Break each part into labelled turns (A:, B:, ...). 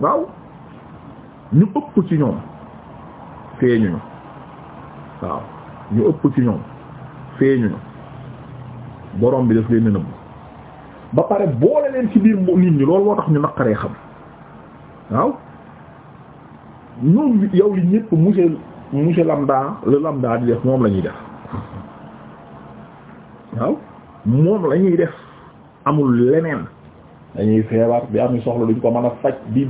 A: waaw ñu ëpp ci ñoom feeñuñu waaw ñu ëpp ci ñoom feeñuñu borom bi def leen nëbb ba pare boole leen ci biir nit ñi loolu moo tax ñu naqaree xam waaw ñoom yow li ñëpp monsieur monsieur lambda le lambda di def moom la ñuy def waaw moom la def amul leneen. dañuy feebar bi am soxla duñ ko mën a faj di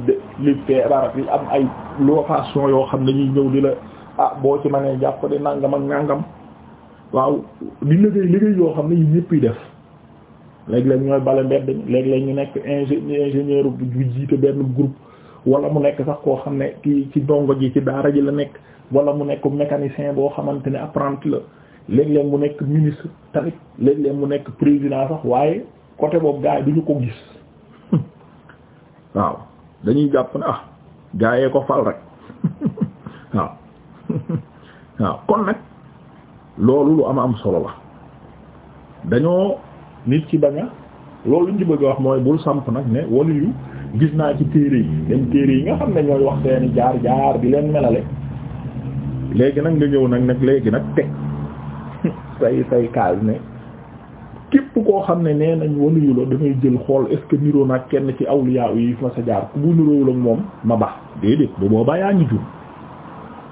A: li feebar bi am ay location yoo xam ne ñuy ñëw di la ah boo ci mënee jàpp di nangam ak nangam waaw di liggéey liggéey yoo xam ne ñu ñëpp def léeg-léeg ñooy bale mbedd léeg-léeg ñu nekk ingénieur ingénieur bu jiite benn groupe wala mu nekk sax koo xam ne kii ci ndongo ji ci daara ji la nekk wala mu nekk mécanicien boo xamante ne apprenti la léeg leen mu nekk ministre tamit léeg-léeg mu nekk président sax waaye côté boobu gars yi duñu ko gis. waaw dañuy jàpp ne ah gaayee ko fal rek waaw waaw kon nag loolu lu am am solo la dañoo nit ci ba a loolu ñu bëgg a wax mooy bul samp nag ne wala yu gis naa ci téere yi dañ téere yi nga xam ne ñooy wax seeni jaar jaar bi leen melale léegi nag nga ñëw nag nag léegi nag teg say say kaal ne képp koo xam ne nee nañ waluyu la damay jël xool est ce que niroo nag kenn ci awliya yi ma sa jaar ku bu niroowul ak moom ma baax déedéet bu boobaa yaa ngi jum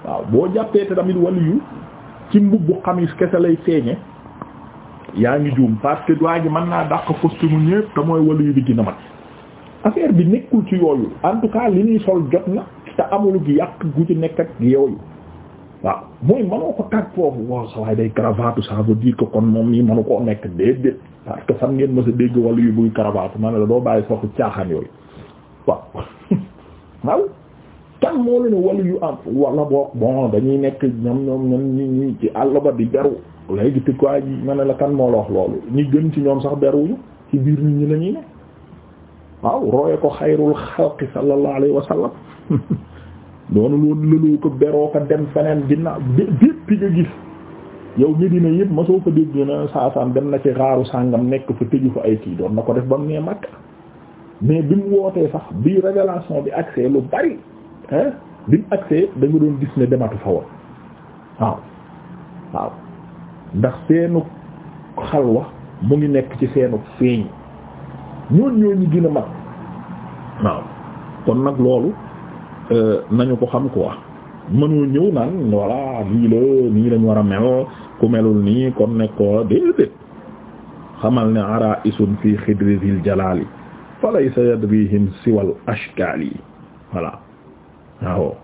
A: waaw boo jàppee te tamit waluyu ci mbubbu xamis kese lay feeñe yaa ngi juum parce que doa ji mën naa dàq costume ñépp te mooy waluyu bi dina mat affaire bi nekkul ci yooyu en tout li ñuy sol jot na te amulu gi yàq gu ci nekk ak yooyu waaw mooy mënoo ko tàgg foofu waaw sa waay day cravate ça veut dire que kon moom nii mënu koo nekk déedéet parce que fan ngeen mës dégg wala yu buy cravate ma la doo bàyyi soxu caaxaan yooyu waaw kan moo la ne wala yu am wala boog bon dañuy nekk ñoom ñoom ñoom ñi ñi ci àll ba di beru léegi te quoi ji la kan moo la wax loolu ñi gën ci ñoom sax beruñu ci biir nit ñi la ñuy waaw roye ko xayrul xalqi sallallahu alayhi wa sallam doonu loolu lëloo ko beroo ko dem feneen ginnaaw bépp nga gis yow Medina yëpp mosoo fa dégg na saasaan dem na ci raaru sàngam nekk fa tëju fa ay kii doon na ko def ba mu nee Makka mais bi mu wootee sax bi révélation bi accès lu bari hein bi mu accès da doon gis ne dematu fa woon waaw waaw ndax seenu xalwa mu ngi nekk ci seenu feeñ ñoon ñoo ñi gën mag waaw kon nag loolu Euh, nañu ko xam quoi mënoo ñëw naan voilà lii la nii lañ war a mel ku melul nii kon nekk ko déedéet xamal ne ara isun fii xidri dil jalali falaysa yadrihim siwal ashkal yi voilà waaw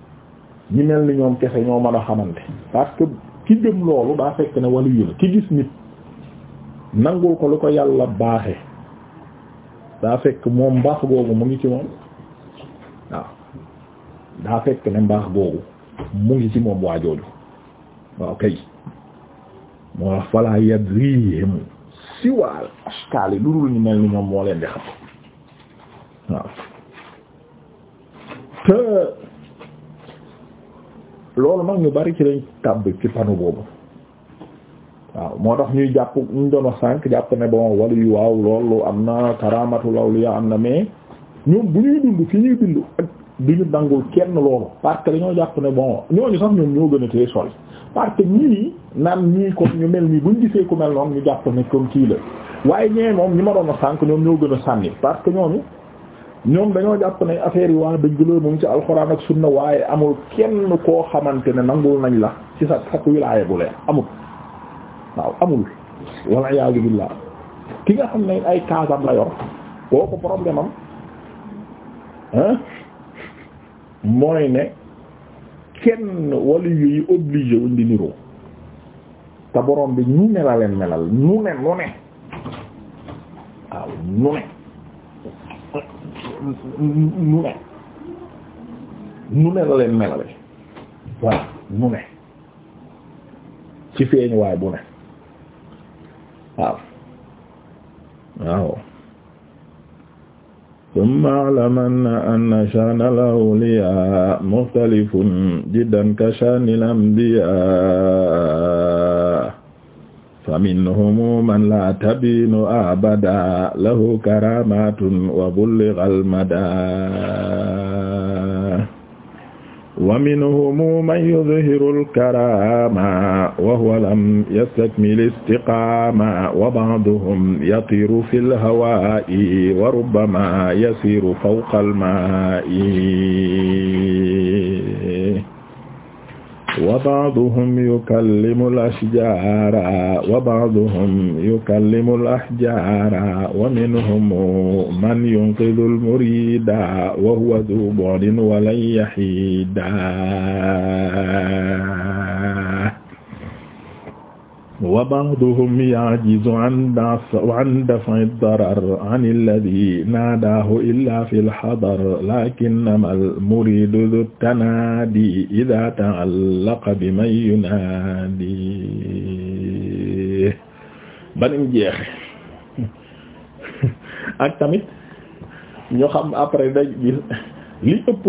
A: ñi mel ni ñoom kese ñoo mën a xamante parce que ki gëm loolu daa fekk ne wàllu la ki gis nit nangul ko lu ko yàlla baaxe daa fekk moom baax googu mu ngi ci moom daa fekk ne mbaax boobu mu ngi ci moom waajooju waaw kay moo wax falaa yadrihim siwaal askaali lu dul ñu mel ni ñoom moo leen di xam waaw te loolu nag ñu bari ci lañ tàbb ci panu boobu waaw moo tax ñuy jàpp ñu doon wax sànq jàpp ne bon wala yu waaw loolu am na karaamatul awliya am na mais ñoom bu ñuy dund fi ñuy dund ak duñu nangul kenn loolu parce que dañoo jàpp ne bon ñooñu sax ñoom ñoo gën a tee sori parce que ñii naan ñii ko ñu mel nii buñ gisee ku mel noonu ñu jàpp ne comme kii la waaye ñee moom ñi ma doon a sànk ñoom ñoo gën a sànni parce que ñooñu ñoom dañoo jàpp ne affaire yi waa dañ la mu ngi ci alxuraan ak na waaye amul kenn koo xamante ne nangul nañ la ci sa sa wilaaya bu leer amul waaw amul walla iyaazu billaah ki nga xam ne ay kaasam la yor kooku problème mooy ne kenn waliyu yi obligé wuñ di niroo te borom bi ñu ne la leen melal ñu ne nu ne waaw ne ñu ne ñu ne la leen melale waaw ñu ne ci feeñuwaay bu ne waaw waaw summa a'lamanna anna sha'nal awliyaa mukhtalifun jiddan ka sha'nil anbiyaa faminhum man laa tabiinu abadan lahu karaamatun wa bullighal madaa wa minhum man yudhiru al-karama wa huwa lam yastakmil istiqama wa ba'duhum yatiru fil hawa'i wa rubbama yasiru fawqa al-ma'i wa ba'duhum yukallimu al-ashjara wa ba'duhum yukallimu al-ahjara wa minhum man yunqidhu al-murida wa huwa dhu bu'din wa lan yahida wa ba'duhum ya'jizu an daf'i ad-darar 'an alladhi naadaahu illaa fil hadar lakinnama al-muridu dhu tanaadi idhaa ta'allaqa biman yunaadi banim jeexe ak tamit ñu xam après day gis li ëpp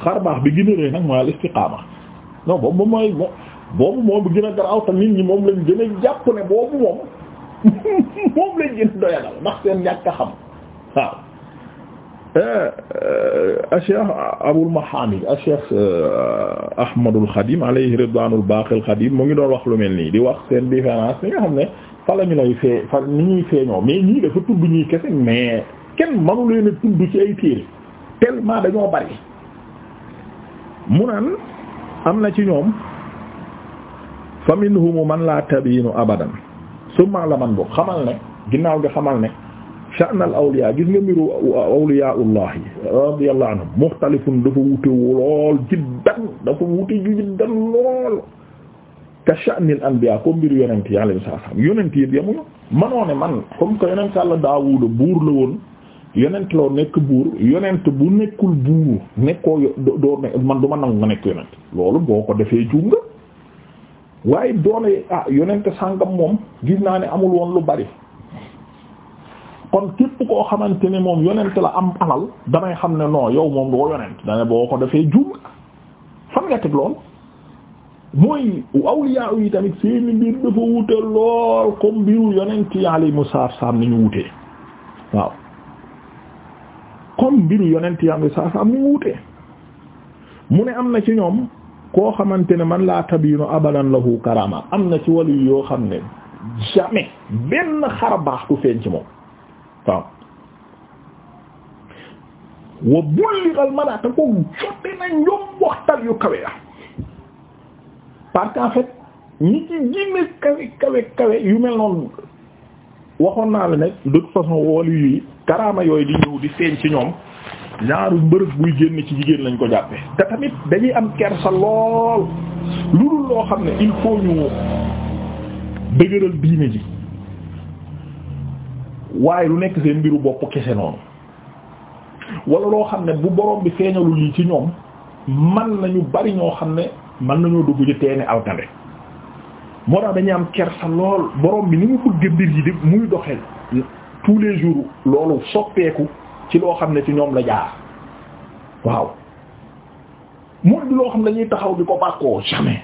A: xarbaax bi gën a rëy nag mooy al-istiqaama non boobu mooy boobu moom gën a garaaw te nit ñi moom lañ gën a jàpp ne boobu moom moom lañ gën a doyadal ndax seen ñàkk a xam waaw euh, euh, Cheikh Abul Mahani euh, Cheikh Ahmadul Khadim alayhi ridwanul baqil Khadim mu ngi doon wax lu mel nii di wax seen différence ni nga xam ne fa la ñu lay fee ni ñuy feeñoo mais ñii dafa tudd ñuy kese mais kenn mënu leen tudd ci ay téere tellement dañoo bari mu naan am na ci ñoom fa minhum man la tabiinu abadan summa la man bu xamal ne ginnaaw gi xamal ne sha'nal awliya gis nga mbiru awliyaullah yi radiyallahu anhum mukhtalifun dafa wute lool jiddan dafa wute jiddan lool ka sha'nil anbiya comme mbiru yonent yi alayhi salaam yonent yi yemuñu manoo ne man comme que yonent Yàlla Daawuda buur la woon yonent loo nekk buur yonent bu nekkul buur nekkoo doo man du ma nangu nga nekk yonent loolu boo ko defee juum waaye doone ah yonent sàngam moom gis naa ne amul woon lu bari kon képp koo xamante ne moom yonent la am alal damay xam ne noo yow moom doo yonent dane boo ko defee jum fan nga teg lool mooy awliya yi tamit seeni mbir dafa wute lool comme mbiru yonent yi alayhimu salaam ni ñu wutee waaw comme mbiru yonent yi alayhimu salaam ni ñu wutee mu ne am na ci ñoom koo xamante ne man laa tabinu abadan lahu karama am na ci wàllu yoo xam ne jamais benn xar baax du feeñ ci moom waaw wa bulliral manaata ko jote na ñoom waxtal yu kawe ya parce qu'en fait ñi ci ginne kawe kawe kawe yu mel noonu waxoon naa la ne de toute façon wàllu yi karama yooyu di ñëw di feeñ ci ñoom ñaaru mbërëg buy génn ci jigéen lañ ko jàppe te tamit dañuy am kersa lool lu dul loo xam ne il faut ñu dëgëral diine ji waaye lu nekk seen mbiru bopp kese noonu wala loo xam ne bu borom bi feeñalul yi ci ñoom man nañu bari ñoo xam ne man nañoo dugg ci teeni alkande moo tax dañuy am kersa lool borom bi ni mu bëgg mbir yi di muy doxee tous les jours loolu soppeeku ci loo xam ne ci ñoom la jaar waaw mooy du loo xam ne dañuy taxaw bi ko bàkkoo jamais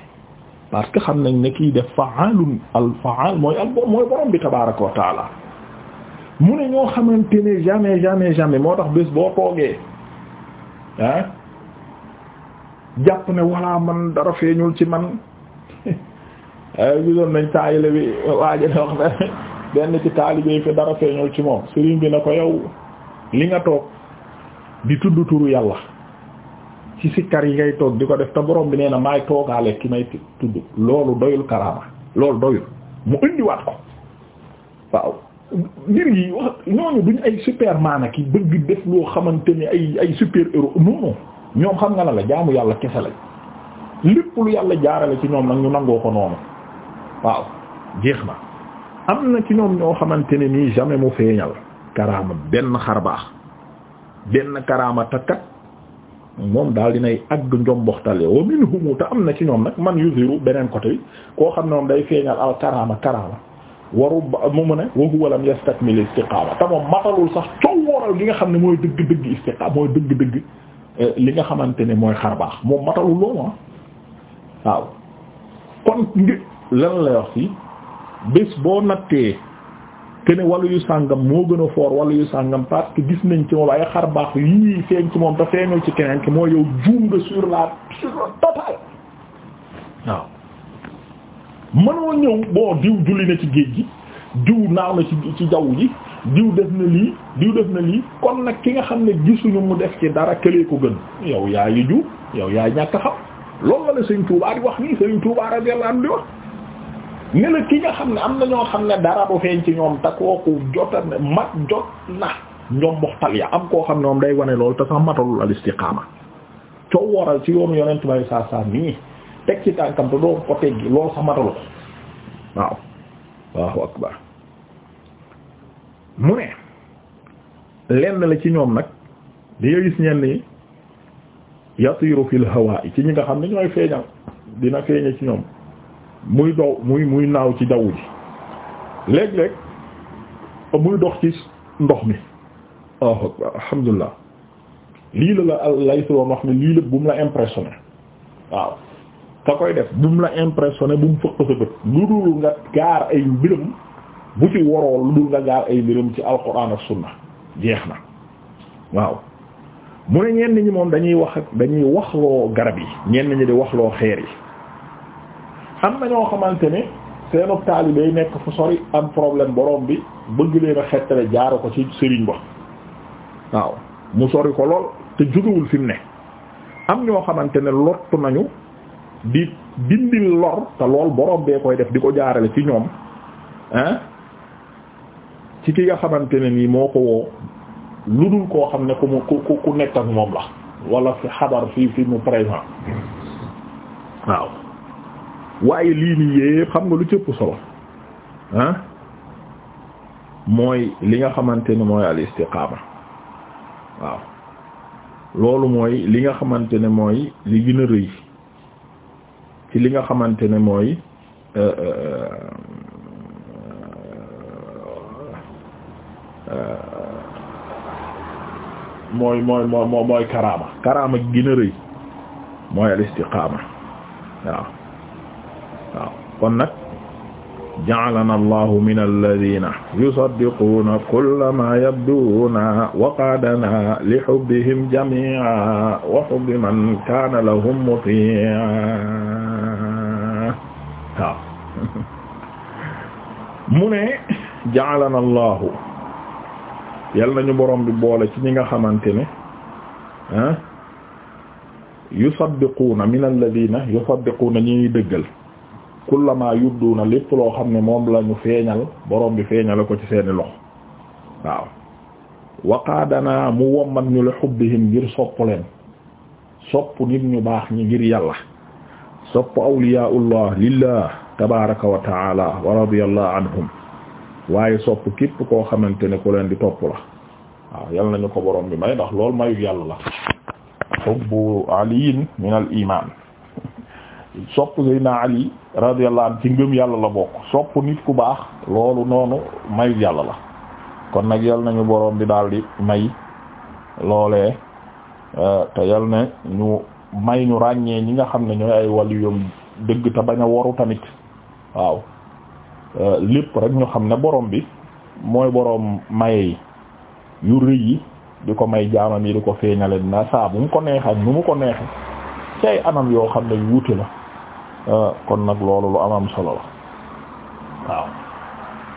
A: parce que xam nañ ne kii def faalun al faal mooy al mooy borom bi tabaaraka wa mu ne ñoo xamante ne jamais jamais jamais moo tax bés boo toogee ah jàpp ne walla man dara feeñul ci man eh, gisoon nañ taayile bi waaja benn ci taalibe fi dara feeñul ci moom sëriñ bi na ko yow li nga toog di tudd turu yàlla ci sikkar yi ngay toog di ko def te borom bi nee na maay toogaale ki may tudd loolu doyul karaama loolu doyul mu indiwaat ko waaw mbir yi wax ñooñu duñ ay superman ak yi bëgg def loo xamante ni ay ay super héros non ñoom xam nga na la jaamu yàlla kese lañ lépp yàlla jaarale ci ñoom nag ñu nangoo ko noonu waaw jeex na am na ci ñoom ñoo xamante ne nii jamais mu feeñal karaama benn xar baax benn karaama takkat moom daal dinay agg njomboxtale wa minhum te am na ci ñoom nag man yuziru beneen côté bi koo xam ne moom day feeñal al karaama karaama waru mu mu ne wa huwa lam yastakmil istiqaama te moom matalul sax coowooral gi nga xam ne mooy dëgg-dëgg istiqaama mooy eh, li nga xamante ne mooy xar baax moom matalul loolu ah. waaw kon lan lay wax fii bés boo nattee que ne yu sàngam moo gën a fort wàllu yu sàngam parce que gis nañ ci moom ay xar baax yii feeñ ci moom te feeñul ci keneen ki mooy yow juum nga sur la sur waaw mënoo ñëw bon diw julli na ci géej gi diw naaw na ci ci jaww ji diw def na lii diw def na lii kon nag ki nga xam ne gisuñu mu def ci dara këlee ko gën yow yaa yu ju yow yaa ñàkk xam loolu la Sëriñ Tuubaa di wax nii Sëriñ Tuubaa radiyallahu anhu di wax ne la ki nga xam ne am na ñoo xam ne dara du feeñ ci ñoom te kooku jota ne mat jot na ñoom ya am koo xam ne moom day wane loolu te sax matalul al istiqaama coow waral ci yoonu yonent may saa saa nii teg ci tànkam te doo ko teggi loolu sax matalu ko waaw waaw akbar mu ne lenn la ci ñoom nag di nga gis ñenn yi yatiru fil hawa ci ñi nga xam ne ñooy feeñal dina feeñe ci ñoom muy dow muy muy naaw ci jaww ji léeg-léeg muy dox ci ndox mi waaw alhamdulilah lii la la lay si doon wax ne lii la bu mu la impressionné waaw ka koy def bu mu la impressionné bu mu fëq sa bët lu dul nga gaar ay mbiram bu ci waroo lu dul nga gaar ay mbiram ci alquran ak sunna jeex na waaw mu ne ñenn ñi moom dañuy wax dañuy waxloo garab yi ñenn ñi di waxloo xeer yi am na ñoo xamante ne seenu taalibe yi nekk fu sori am problème boroom bi bëgg leen a xettale jaaru ko ci sëriñ ba waaw mu sori ko lool te jógewul fi ne am ñoo xamante ne lottu nañu bi dindil lor te lool borom bee koy def di ko jaarale ci ñoom ah ci ki nga xamante ne nii moo ko woo lu dul koo xam ne ku mu ku ku nekk ak moom la wala fi fi mu présent waaw waaye lii nii yépp xam nga lu cëpp solo ah mooy li nga xamante ne mooy mooy li nga xamante ne mooy li gën a rëy ci li nga xamante ne mooy euh, euh, euh, mooy mooy mooy karaama karaama gi gën a rëy mooy al istiqaama waaw waaw kon nag ja'alana allahu min alladhina yusaddiquna kulla ma yabduna wa qadana li hubbihim jami'a wa hubbi man kana lahum muti'a waaw mu ne ja'alana allahu yal nañu borom bi boole ci ñi nga xamante ne ah yusaddiquuna min alladina yusaddiquuna ñi dëggal kullama yubduuna lépp loo xam ne moom la ñu feeñal borom bi feeñale ko ci seeni loxo waaw waqaadanaa mu wommat ñu li xubbihim ngir sopp leen sopp nit ñu baax ñi ngir yàlla sopp awliyaullah lillah tabaraka wa taala wa radiyallahu anhum waaye sopp képp koo xamante ne ko leen di topp la waaw yal nañu ko borom bi may ndax lool mayu yàlla la xubbu aliyin min al sopp Seydina Ali radiyallahu anhu ci ngëm yàlla la bokk sopp nit ku baax loolu noonu mayu yàlla la kon nag yal nañu boroom bi daal di may loolee euh, te yal na ñu may ñu ràññee ñi nga xam ne ñooy ay waliyum dëgg te bañ a waru tamit waaw euh, lépp rek ñu xam ne boroom bi mooy borom maye yu rëy yi di ko may jaamam yi di ko feeñale dina bu mu ko neexee ak nu mu ko neexee ci ay anam yoo xam ne yu wuute la. Ah, kon nag loolu lu am am solo la waaw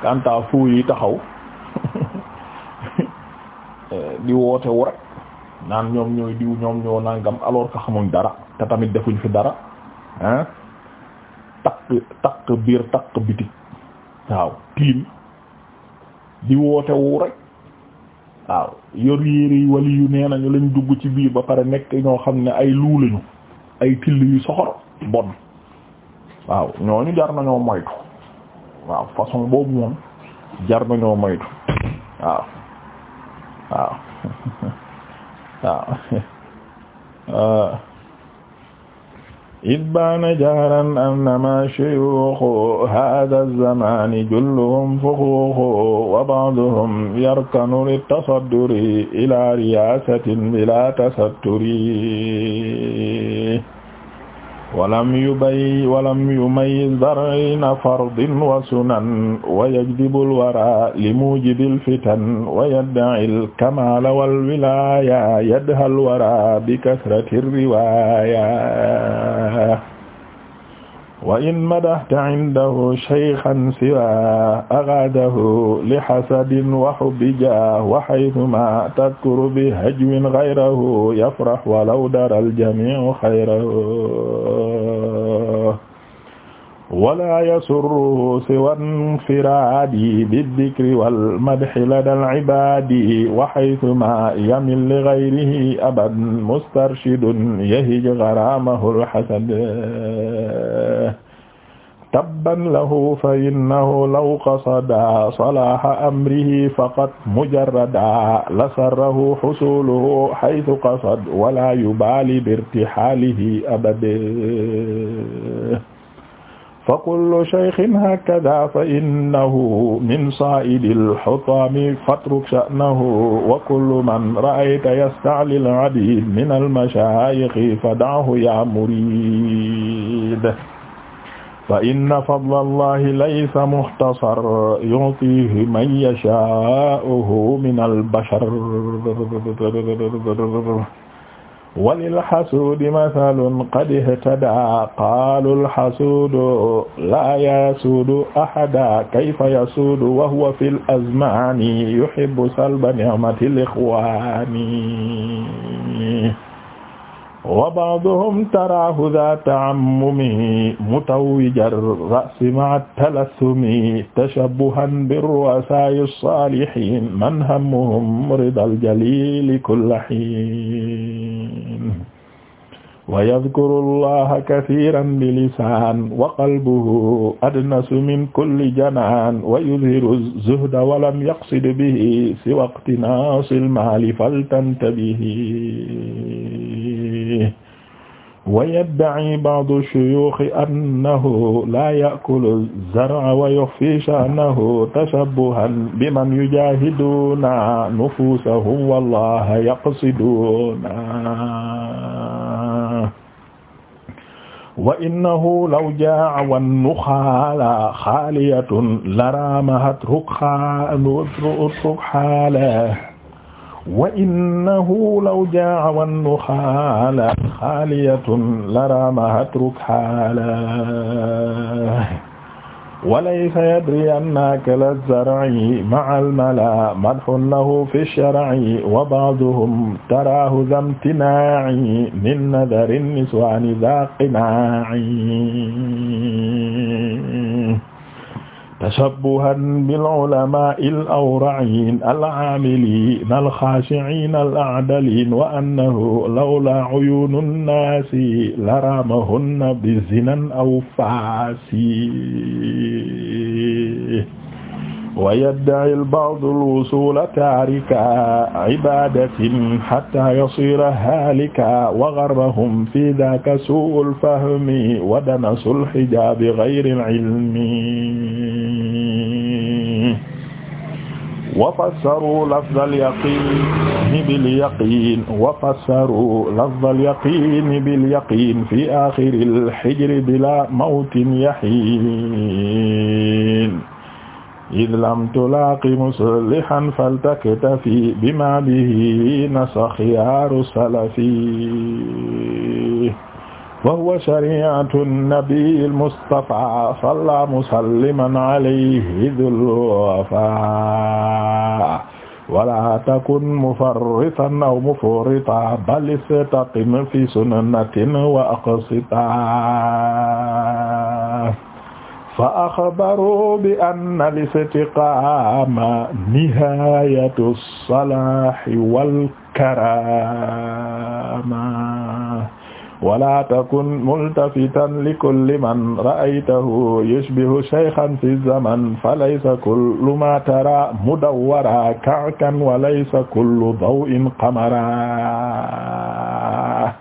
A: kanta fu yi taxaw eh, di woote wu rek naan ñoom ñooy diw ñoom ñoo nangam alors que xamuñ dara te tamit defuñ fi dara ah takk takk biir takk bitik waaw tiim di woote wu rek waaw yor yére yi wali yu nee nañu lañ dugg ci biir ba pare nekk ñoo xam ne ay luu lañu ay till yu soxor bon aw ñooñu jar nañoo moytu waaw façon boobu moom jar nañoo moytu waaw waaw waaw id baana jaaran annama shuyuukhu haadha zamani julluhum fuxuuxu wa ba'duhum yarkanu litasadduri ila riyaasatin bila tasatturi walam yubay walam yumayyiz bayna fardin wa sunan wa yajdibul wara li mujibil fitan wa yad'il kamala wal wilaya yadhal wara bi kasratir riwaya wa in madahta indahu shaykhan siwa aghadahu li hasadin wa hubbi jah wa haythuma tadhkuru bi hajwin ghayrahu yafrah walaw daral jami'u khayrahu wala yasurruhu siwa infiraadi biddikri wal madhi ladal ibaadi wa haythuma yamil li ghayrihi abad mustarshidun yahij gharamahu al-hasad tabban lahu fa innahu law qasada salaha amrihi faqad mujarrada lasarrahu husuluhu haythu qasad wala yubali birtihalihi abada fa kullu shaykhin hakadha fa innahu min saa'idil hutaami fatruk sha'nahu wa kullu man ra'ayta yasta'lil abid minal mashaayikhi fad'ahu yaa muriid fa inna fadlallahi laysa mukhtasar yu'tiihi man yashaa'u minal bashar walilxasuudi mathalun qad ihtadaa qaalu lxasuudu laa yasuudu ahada kayfa yasuudu wa huwa fi lazmaani yuhibbu salba nicmati lixwaani wa ba'duhum taraahu dha ta'ammumi mutawwija ar-ra'si ma'a talassumi tashabbuhan bir-ru'asaa'i as-saalihiin man hammuhum ridaa al-jaliili kulla hiin wa yadhkuru Allaha kathiiran bilisaan wa qalbuhu adnasu min kulli janaan wa yudhiru zuhda wa lam yaqsid bihi siwaa iqtinaasi al-maali faltantabihi alayhi wa yadda'i ba'du shuyuukhi annahu laa ya'kulu az-zar'a wa yukhfii sha'nahu tashabbuhan biman yujaahiduuna nufuusahum wallaaha yaqsiduuna wa innahu law jaa'a wan-nuxaalu xaaliyatun laraamahat rukhaalaha wa innahu law jaa wannu xaala xaaliyatun laramaha truk xaala walaysa yadri annaka la zar'i ma'al mala madhun lahu fi shar'i wa ba'duhum taraahu zamtinaa'i min nadari niswaani zaaqinaa'i tashabbuhan bil ulamaa'il awra'in al-aamiliin al-xaashi'iin al-a'daliin wa annahu lawlaa uyuunin naasi laraamahunna bizinan aw faasi wa yadda'i al-ba'du al-wusula taarika ibadatin hatta yasira halika wa gharrahum fi dhaka su'ul fahmi wa danasul hijabi ghayril ilmi wa fassaru lafzal yaqini bil yaqin wa fassaru lafzal yaqini bil yaqin fi akhiril hijri bila mawtin yahin id lam tulaaqi muslihan faltaktafi bima bihi nasa xiyaaru salafi wa huwa shari'atu nabiy al-Mustafa salla musalliman alayhi dhul wafa wala takun mufarritan aw mufrita bal istaqim fi sunnatin wa aqsita fa axbaru bi anna listiqaama nihaayatu salaahi wal karaama wala takun multafitan likulli man ra'aytahu yushbihu shaykhan fi zaman falaysa kullu maa taraa mudawwara ka'kan walaysa kullu daw'in qamara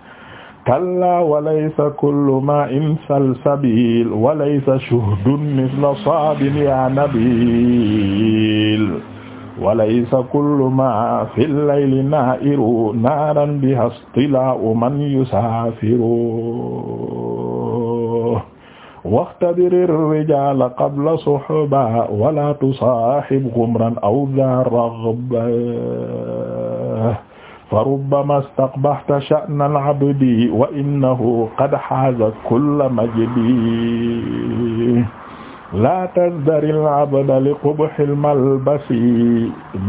A: kalla walaysa kullu ma'in salsabil walaysa shuhdun misla saabin ya nabil walaysa kullu ma fi llayli na'iru naaran biha istilaa'u man yusaafiru waxtabiri rijaala qabla suhba wala tusaahib ghumran aw dha raghba fa rubbama staqbahta sha'na al-'abdi wa innahu qad haaza kulla majdi laa tazdari al-'abda li qubhi al-malbasi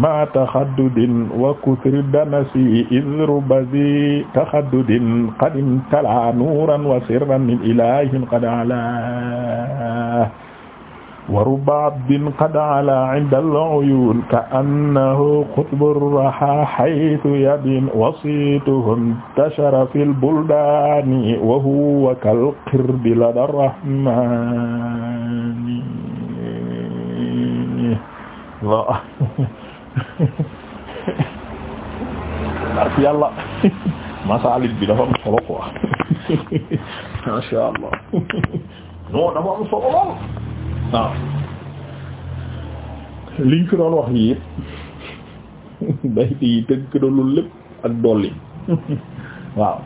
A: maa taxaddudin wa kuthri danasi idh rubbazi taxaddudin qad imtalaa nuuran wa sirran min ilaahin qad alaa wa rubba abdin qad ala inda al-uyun ka annahu qutbu raha haythu yabin wasituhu intashara fil buldani wa huwa kal qirdi lada rahmani waaw yàlla masaalit bi dafa am solo quoi masha Allah non dafa am solo waaw liñ fi doon wax nii yëpp bayt yi lépp ak dolli waaw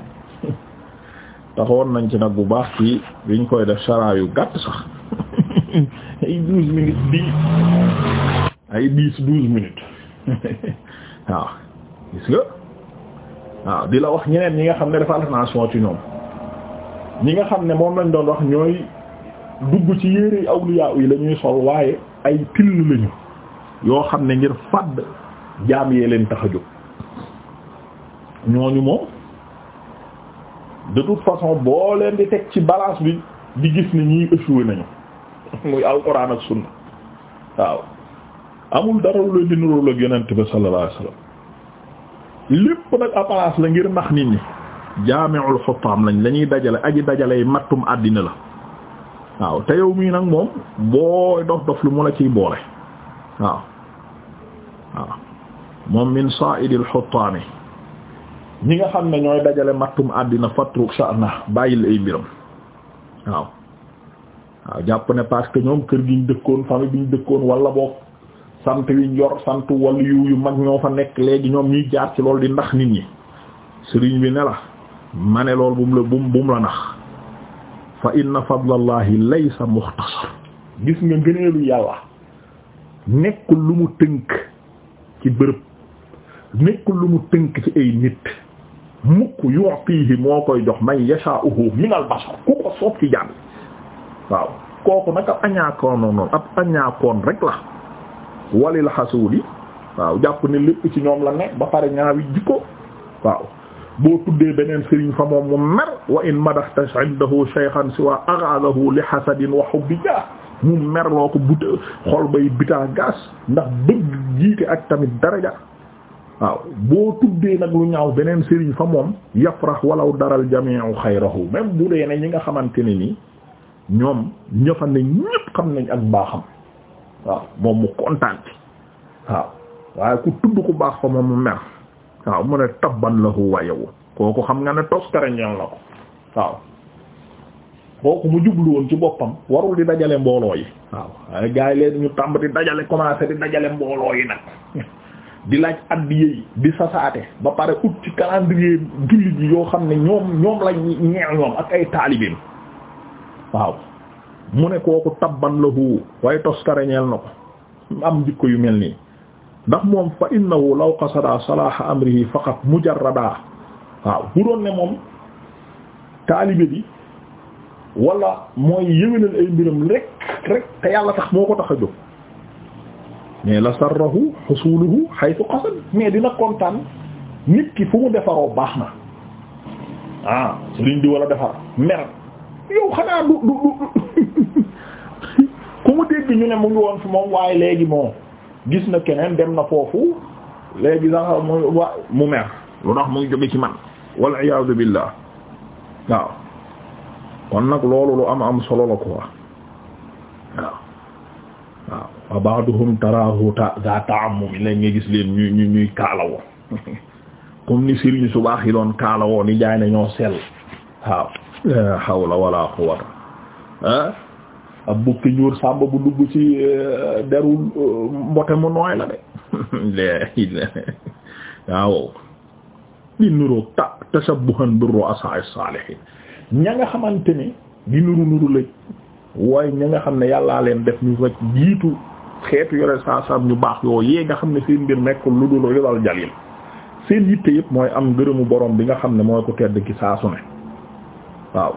A: taxawoon nañ ci nag bu baax ci biñ koy def chara yu gàtt sax ay douze minutes di ay douze minutes waaw gis nga waaw di la wax ñeneen ñi nga xam ne dafa alternation ci ñoom ñi nga xam ne moom lañ doon wax ñooy dugg ci yére yi yi la ñuy sol waaye ay pill lañu yoo xam ne ngir fàdd jaam yee leen tax a jóg ñooñu moom de toute façon boo leen di teg ci balaas bi di gis ni ñiy échoué nañu muy alquran ak sunna waaw amul dara lu leen di nuroo ak yonent bi sallallahu alayhi wasallam lépp nag apparence la ngir nax nit ñi jaami'ul xutaam lañ la ñuy dajale aji dajaley mattum àddina la waaw te yow mii nag moom boo dof dof lu mu la ciy boole waaw waaw moom min sa'idil huttami ñi nga xam ne ñooy dajale mattum àddina fatruk sha'na bàyyil ay mbiram waaw waaw jàpp ne parce que ñoom kër giñ dëkkoon famille bi dëkkoon wala boog sant yu njor sant wala yu mag ñoo fa nekk léegi ñoom ñuy jaar ci lool di ndax nit ñi sëriñ bi ne la ma ne lool bu la bu mu la nax fa inna fadlallahi laysa muxtasar gis nga ngëneelu yàlla nekkul lu mu tënk ci bërëb nekkul lu mu tënk ci ay nit mukk yu'tihi moo koy jox man yasha'uhu minal bashar ku ko soob ci jàmm waaw kooku nag ab añaakoon ab añaakoon rek la walil xasuudi waaw jàpp ne lépp ci ñoom la ne ba pare ñaawi jikko waaw boo tuddee beneen sëriñ fa moom mu mer wa in madaxta indahu shaykhan siwa aghadahu li hasadin wa hubbi jah mu mer loo ko buta xol bay bitaa gas ndax bëgg jiite ak tamit daraja waaw boo tuddee nag lu ñaaw beneen sëriñ fa moom yafrax walaw daral jami'u xayrahu même bu dee ne ñi nga xamante ne nii ñoom ñëfa ne xam nañ ak baaxam waaw moom mu kontaan waaw waaye ku tudd ku baax fa moom mu mer waaw mu ne tabban lahu wayawu kooku xam nga ne toskare ñeel na ko waaw kooku mu jublu woon ci boppam warul di dajale mbooloo yi waaw waaye gars leen ñu tàmb di dajale commencé di dajale mbooloo yi nag di laaj addiye yi di sasaate ba pare ut ci calendrier jullit yi yoo xam ne ñoom ñoom la ñeel ñoom ak ay taalibeem waaw mu ne kooku tabban lahu waaye toskare ñeel na ko am jikko yu mel nii ndax moom fa innahu law qasada salaaha amrihi faqat mujarrada waaw bu doon ne moom taalibe bi wala mooy yëwénal ay mbiram rek rek te yàlla tax moo ko tax a jóg mais la sarrahu xusuluhu haythu qasad mais dina kontaan nit ki fu mu defaroo baax na ah sëriñ di wala defar mer yow xanaa du du du ku mu dégg ñu ne mu ngi woon fi moom waaye léegi moom gis na keneen dem na foofu léegi sax mu wa mu mer lu tax mu ngi jóge ci man wal iyaadu billah waaw kon nag loolu lu am am solo la quoi waaw waaw wa ba'duhum taraahu za ta'ammum léegi nga gis leen ñu ñu ñuy kaalawoo comme ni sëriñ su baax yi doon kaalawoo ni jaay na ñoo sell waaw la hawla wala quwwata ab bukki njuur sàmba bu dugg ci euh, derul euh, mbote mu nooy la de waaw di nuroo ta tashabbuhan bi ru'asa as-salihin ña nga xamante ni di nuru nuru lañ waaye ña nga xam ne yàllaa leen def ñu rek jiitu xeetu yore saa saam ñu baax yoo yee nga xam ne seen mbir nekkul lu dul ridal jalil seen yitte yëpp mooy am gërëmu borom bi nga xam ne mooy ko tedd ki saa su ne waaw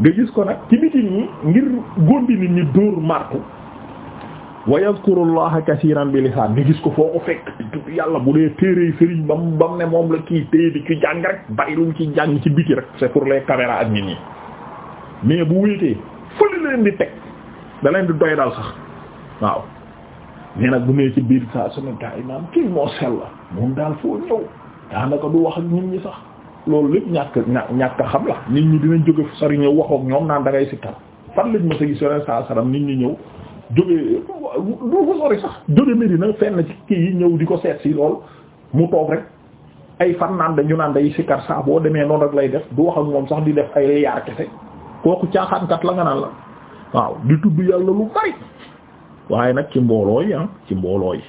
A: nga gis ko nag ci mitin yi ngir gondi nit ñi dóor martu wa yazkurullaha kasiiran bi lisaan nga gis ko foo ko fekk tudd yàlla bu dee téere sëriñ ba mu ne moom la kii téye di ci jàng rek bari ci jàng ci biti rek c'est pour les caméras ak nit ñi mais bu wéetee fëli leen di teg da leen di doy dal sax waaw mais nag bu ci biir saa sunu gaa imaam kii moo sell moom daal foo ñëw daanaka du wax ak nit ñi sax loolu lépp ñàkk ñàkk xam la nit ñi dinañ jóge fu sori ñëw waxook ñoom naan dangay ngay sikkar fan lañ ma sa gis saa salam nit ñi ñëw jóge du fu sori sax ci kii yi ñëw di ko seet si lool mu toog rek ay fan naan dañu naan day sikkar saa boo demee noonu rek lay def du wax ak moom sax di def ay liyaar kese kooku caaxaankat la nga naan la waaw di tudd yàlla lu bari waaye nag ci mbooloo yi ah, ci mbooloo yi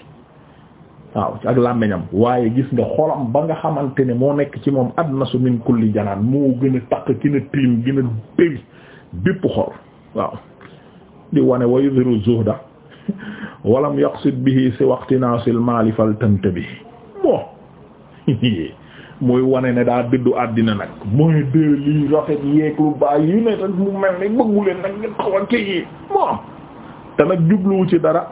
A: waaw ak làmmiñam waaye gis nga xolam ba nga xamante ne moo nekk ci moom adnasu min kulli janaan moo gën a takk gën a tilim gën a bëri bépp xol waaw di wane wa yudhiru zuhda walam yaqsid bihi si waqtinaasil maali fal tantabi bon muy wane ne daa dëddu àddina nag mooy dee lii rafet yeeg lu baax yi mu mel ne bëggu nag ngeen xaw a kii yi te nag jubluwu ci dara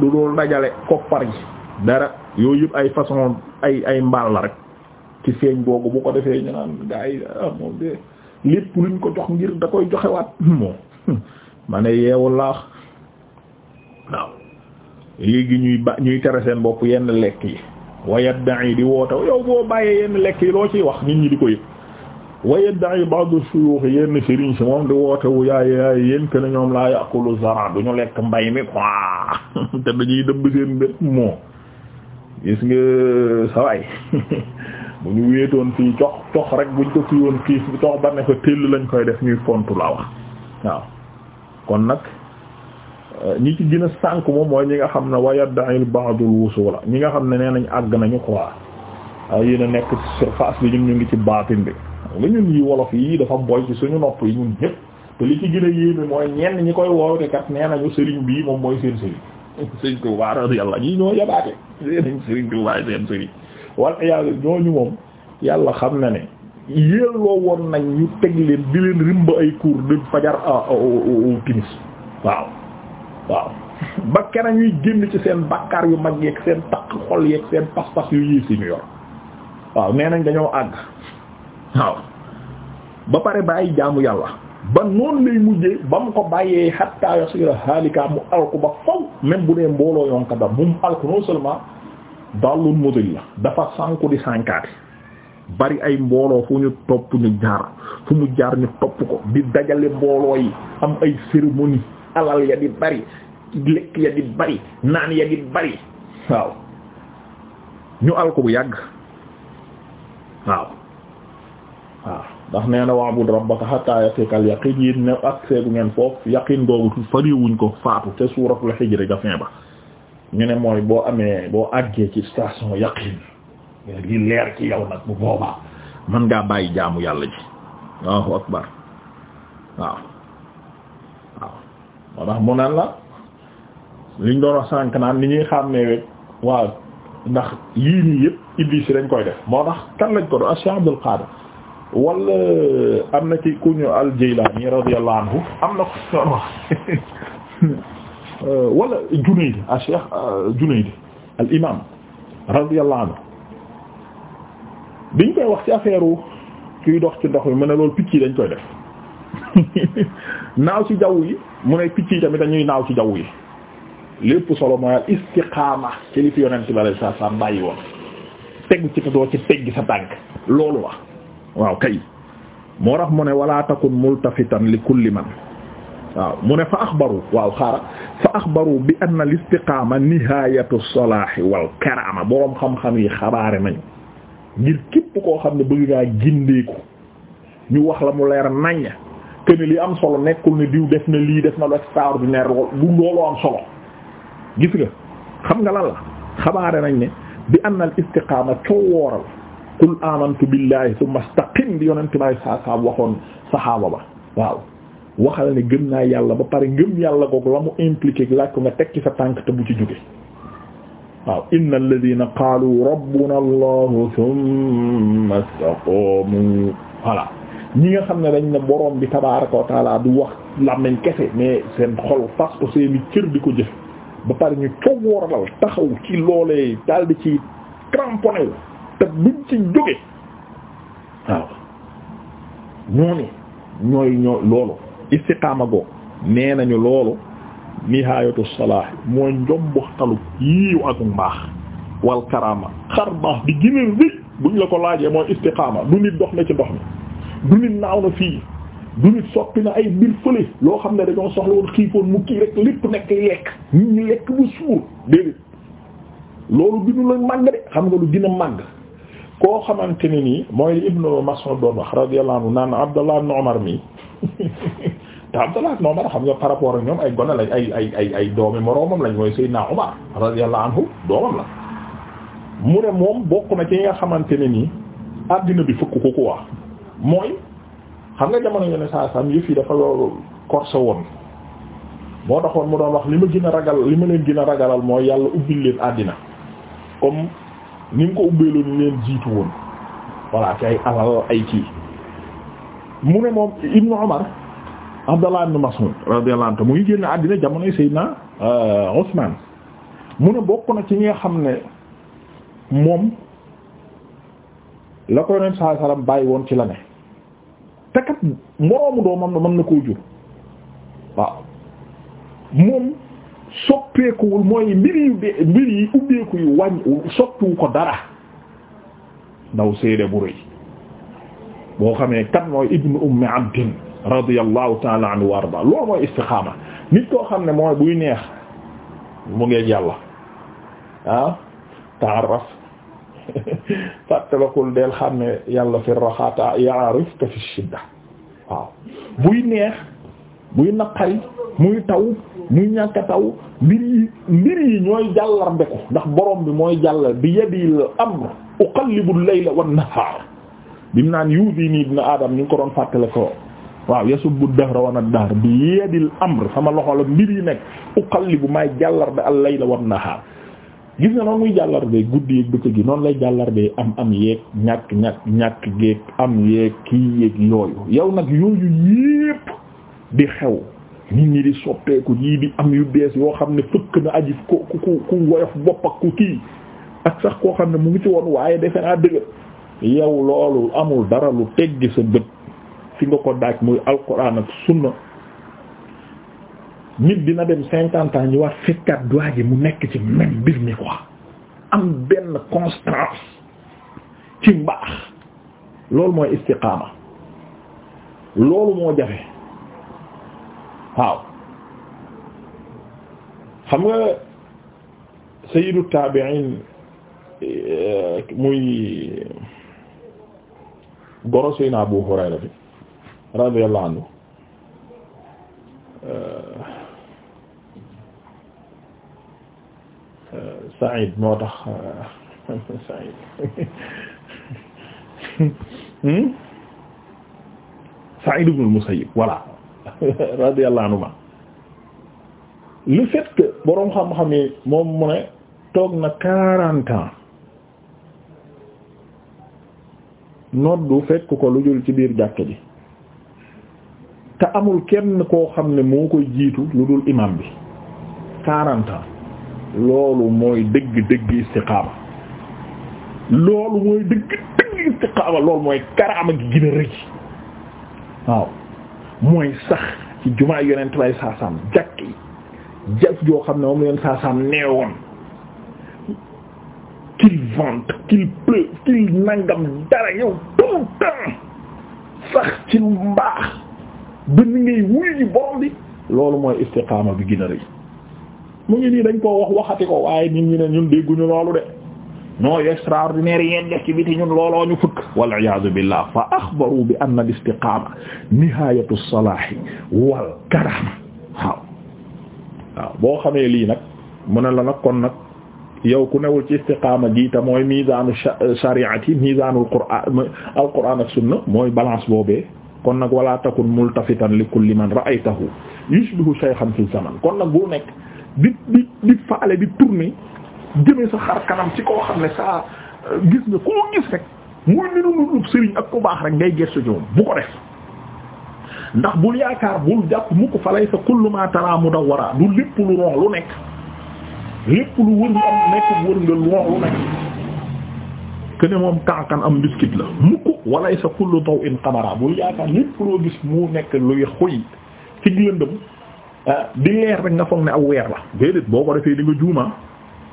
A: lu doon dajale koppar yi dara yooyu yëpp ay façon ay ay mbaal la rek ci feeñ boobu bu ko defee ñu naan gaa yi ah, lépp luñ ko jox ngir da koy joxewaat moom ma ne yeewul laax léegi ñuy ba ñuy tere seen bopp yenn lekk yi wayat daan yi di woote yow boo bàyyee yenn lekk yi loo ciy wax nit ñi di ko yëg wayat daan yi ba'du shuyukh yenn sëriñ si moom di woote wu yaay yaay yéen que ñoom laa yàqulu zara du lekk mbay mi quoi te dañuy dëbb seen mbir moom gis nga sawaay bu ñu wéetoon fii cox cox rek buñ ko fi woon fii cox ba ne ko tëll lañ koy def ñuy fontu la wax waaw kon nag euh, ñi ci gën a moom mooy ñi nga xam ne wa yaddail ba'dul wusula ñi nga xam ne nee nañ àgg nañu quoi waaw yéen a nekk ci surface bi ñun ñu ngi ci baatin bi nga ñun yi wolof yi dafa boy ci suñu nopp yi ñun ñëpp te li ci gën a yéeme mooy ñenn ñi koy woote kat nee sëriñ bii moom mooy seen sëriñ sëriñ Tuubaa radiyallahu ñii ñoo yabaate seenañ sëriñ Tuubaa seen sëriñ wal iyaazu ñooñu moom yàlla xam na ne yélloo woon nañ ñu teg leen di leen rimba ay cours de fajar ah, ah, ah, timis waaw waaw ba kera ñuy génn ci seen bakkaar yu mag yeeg seen takk xol yeeg seen pas-pas yu yiis yi ñu yor waaw nee nañ dañoo àgg waaw ba pare bàyyi jaamu yàlla ba noonu lay mujjee ba mu ko bàyyee hatta yasira halika mu alku ba faw même bu dee mbooloo yonka da mu alku non seulement dallul mudil la dafa sànku di sànkaati bari ay mbooloo fu ñu topp ñu jaar fu mu jaar ñu topp ko di dajale mbooloo yi am ay cérémonie alal ya di bari lekk ya di bari naan ya di bari waaw ñu alku bu yàgg waaw waaw ndax nee na wa'bud rabbaka hatta yaqika al yaqin yéen ne ak seegu ngeen foofu yaqin googu fariwuñ ko faatu te suuratul la ga fin ba ñu ne mooy boo amee boo àggee ci station yaqin li leer ci yow nag bu boobaa mën ngaa bàyyi jaamu yàlla ji Allahu akbar waaw waaw moo tax mu naan la liñ doon wax naan ni ñuy xàmmee waaw ndax yii nii yëpp iblis dañ koy def moo tax kan lañ ko do Cheikh Abdul Qadir wala am na ci kuñu al-Jilani radiyallahu anhu am na ko wax wala Junayd a ah, Cheikh ah, Junayd al imam radiyallahu anhu biñ koy wax ci affaire kuy dox ci ndox mi mu ne loolu picc yi dañ koy def naaw ci jaww yi mu ne picc yi tamit dañuy naaw ci jaww yi lépp solo mooy al istiqaama ci li fi yonent bi sallallahu alayhi wasallam bàyyi woon tegu ci te doo ci teggi sa tànk loolu wax waaw kay moo tax mu ne wala takun multafitan li kulli man waaw mu ne fa axbaru waaw xaara fa axbaru bi anna al istiqaama nihaayatu salaahi wal karaama boroom xam-xam yi xabaare nañu ngir képp koo xam ne bëgg ngaa gindeeku ñu wax la mu leer naññ te ni li am solo nekkul ne diw def na lii def na lu extraordinaire bu looloo am solo gis nga xam nga lal la xabaare nañ ne bi anna al istiqaama wooral qul amantu billahi thumma istaqim bi yonente may saa saab waxoon saxaaba ba waaw waxal ne gëm naa yàlla ba pare ngëm yàlla googu la mu impliqué laaj ko nga tekki sa tànk te bu ci jóge waaw inna alladina qaalu rabbuna allahu thumma istaqaamu voilà ñi nga xam ne dañ ne borom bi tabaraka wa taala du wax làmmiñ kese mais seen xol fas ko seeni cër di ko jëf ba pare ñu coow wooral taxaw ci loolee daal di ci cramponné te buñ ci jóge waaw ñooñu ñooy ñoo loolu istiqaama goo nee nañu loolu nihaayatu salaah mooy njomboxtalu yiiw ak mbaax wal karama xar baax bi gëna rëy buñ la ko laajee mooy istiqaama du nit dox na ci dox mi du nit naaw na fii du nit soppi na ay mbir fële loo xam ne dañoo soxla woon xiifoon mu kii rek lépp nekk lekk nit ñi lekk bu suur déedéet loolu ginu la màgg de xam nga lu gën màgg koo xamante ne nii mooy Ibnu Mas'ud doon wax radiyallahu anhu naan Abdallah ibn Umar mi te Abdallah ibn Umar xam nga par rapport ak ñoom ay gone lañ ay ay ay ay doomi moroomam lañ mooy Seydina Umar radiyallahu anhu doomam la mu ne moom bokk na ci nga xamante ne nii àddina bi fukk ko quoi mooy xam nga jamono yeneen saa sam yëf yi dafa corsé woon moo taxoon mu doon wax li ma gën a ragal li ma leen gin a ragalal mooy yàlla ubbil leen addina comme ni nga ko ubbeeloon ni leen jiitu woon voilà ci ay alal ay kii mu ne moom Ibn Umar Abdallah ibn Mas'ud radiyallahu anhu mu ngi génn àddina jamonoy naa euh, Usman mu ne bokk na ci ñi xam ne moom la ko Yonent sallallahu alayhi bàyyi woon ci la ne te kat moroomu doomam mën na koo jur waaw moom soppeekuwul mooy mbir yu be mbir yi ubbeeku yu wàññ soppiwu ko dara ndaw séede bu rëy boo xamee kan mooy ibnu ummi abdin radiyallahu taala anhu wa arda loolu mooy istiqaama nit koo xam ne mooy buy neex mu ngeeg yàlla ah taaraf fàttalakul del xam ne yàlla fi raxaata yaarif ka fi shidda waaw buy neex buy naqari muy taw muy ñàkk taw mbir yi mbir yi ñooy jàllarbe ko ndax borom bi mooy jàll bi yadil amr uqallibu al-layla wan-nahar bim naan nii dina adam ñu ngi ko doon fàttale ko waaw yasubbu ad-dahra wa ad-dahr bi yadil amr sama loxo la mbir yi nekk uqallibu maay jàllarbe al-layla wan-nahar gis nga noonu muy jàllarbe guddi yeeg bëccëg gi noonu lay jàllarbe am am yeeg ñàkk ñàkk ñàkk geeg am yeeg kii yeeg yooyu yow nag yooyu yépp di xew nit ñi di soppeeku yii di am yu bees yoo xam ne fëkk na aji ku ku ku woyof bopp ak ku kii ak sax koo xam ne mu ngi ci woon waaye defe naa dëgg yow loolu amul dara lu teggi sa bët fi nga ko daaj muy alquran ak sunna nit dina dem cinquante ans ñu war fekkaat doit ji mu nekk ci même mbir mi quoi am benn constance ci mbaax loolu mooy istiqaama loolu moo jafe waaw xam nga sayyidu tabi'in eh, muy goro Seydina Abu Hurayra bi radiyallahu anhu eh, eh, Saïd moo tax Saïd hmm? Saïd ibn al-Musayyib voilà radiyallahu anhuma le fait que boroom xam-xam yi moom mu ne toog na quarante ans noddu fekk ko lu jul ci biir jàkk ji te amul kenn koo xam ne moo koy jiitu lu dul imam bi quarante ans loolu mooy dëgg dëgg istiqaama loolu mooy karaama gi gën a waaw mooy sax ci jumaa yonent bay saasaam jàkk joo xam ne moom la yonent saasaam neewoon qu'il vente qu'il pleuve qu'il nangam dara yow tout temps sax ci lu mbaax ba ni ngay wuyu ji borom bi loolu mooy istiqaama bi gën a mu ngi nii dañ koo wax waxati ko waaye nit ñi ne ñun dégguñu loolu de nooyu extraordinaire yi ngeen def ci biti ñun looloo ñu fëkk wal iyaadu billah fa axbaru bi anna al istiqaama nihaayatu salaahi wal karama waaw waaw boo xamee lii nag mu ne la nag kon nag yow ku newul ci istiqaama gi ta mooy miizaanu euh, shari'ati miizaanul qur'aan al qur'aan ak sunna mooy balance boobee kon nag wala takun multafitan li kulli man ra'aytahu yushbihu shaykhan fi zaman kon nag bu nekk di di di faale di tourner jëmee sa xar kanam ci koo xam ne saa euh, gis nga koo gis rek muy niru lu sëriñ ak ku baax rek ngay gëstu ñoom bu ko def ndax bul yaakaar bul jàpp mukk fa lay sa kullu ma tara mudawwara du lépp lu rox lu nekk lépp lu wër nga am nekk wër nga lu rox lu nekk que moom kankan am biscuit la mukk walay sa kullu daw'in qamara bul yaakaar lépp loo gis mu nekk luy xuy ci lëndëm ah, di leer rek nga foog ne aw weer la déedéet boo ko defee di nga juuma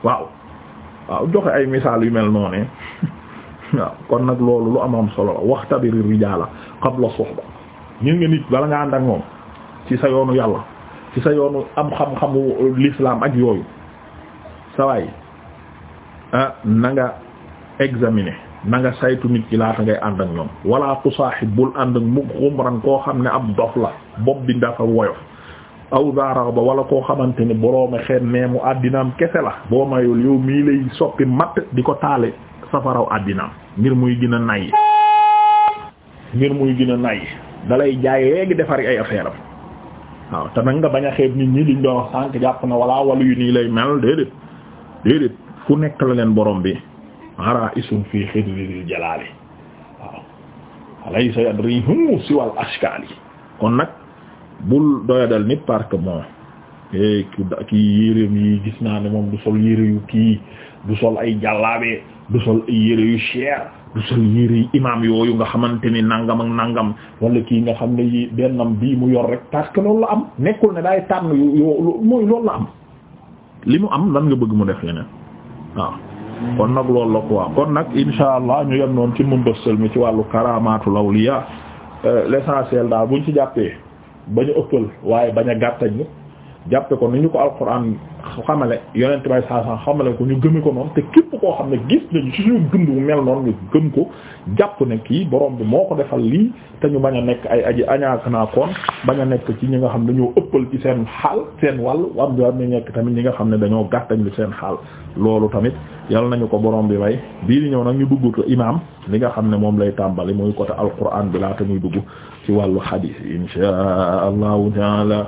A: waaw waaw joxe ay misaal yu mel noonu waaw kon nag loolu lu amoon solo la waxtabiri rijaala qabla suhba ñun nga nit bala nga ànd ak moom ci sa yoonu yàlla ci sa yoonu am xam-xamu l'islam ak yooyu sawaay ah na nga nanga saytu nit ki laata ngay ànd ak ñoom walaa tusaaxib bul ànd ak mu xumran koo xam ne am dof la bopp bi dafa woyof aw zaarax ba wala koo xamante ni borooma xeen mais mu àddinaam kese la boo mayul yow mii lay soppi matt di ko taale safaraw àddinaam ngir muy gën a nay ngir muy gën a nay dalay jaay léegi defari ay affaire am waaw te nag nga bañ a xeeb nit ñi liñ doon wax sànq jàpp na wala walu yu nii lay mel déedéet déedéet fu nekk la leen borom bi ara isun fii xidlil jalaali waaw alaysa yadrihu siwal ashkaali kon nag bul doyadal nit parce que bon eh kii yéreem yi gis naa ne moom du sol yére yu kii du sol ay jàllaabe du sol yére yu cher du sol yére yu imaam yooyu nga xamante ni nangam nangam wala kii nga xam ne yi bennam bii mu yor rek parce que loolu la am nekkul ne daay tànn yu yoo loolu la am li mu am lan nga bëgg mu def leneen waaw. kon nag loolu la waa kon nag insha allah ñu yem noonu ci Munbastal mi ci wàllu karaamaatul awliya euh, l'essentiel daal buñ ci jàppee. bañ a ëppal waaye bañ a gàttañ jàppe ko ni ñu ko alquran xamale yonent bay saa saa xamale ko ñu gëme ko noonu te képp koo xam ne gis nañu ci suñu dund bu mel noonu gëm ko jàpp ne kii boroom bi moo ko defal lii te ñu bañ a nekk ay aji añaak naa koon bañ a nekk ci ñi nga xam ne dañoo ëppal ci seen xaal seen wàll am na nekk tamit ñi nga xam ne dañoo gàttañ lu seen xaal loolu tamit yal nañu ko borom bi may bii ñëw nag ñu dugg ko imaam li nga xam ne moom lay tàmbali muy côté alquran bi laata muy dugg ci wàllu hadith insha allahu taala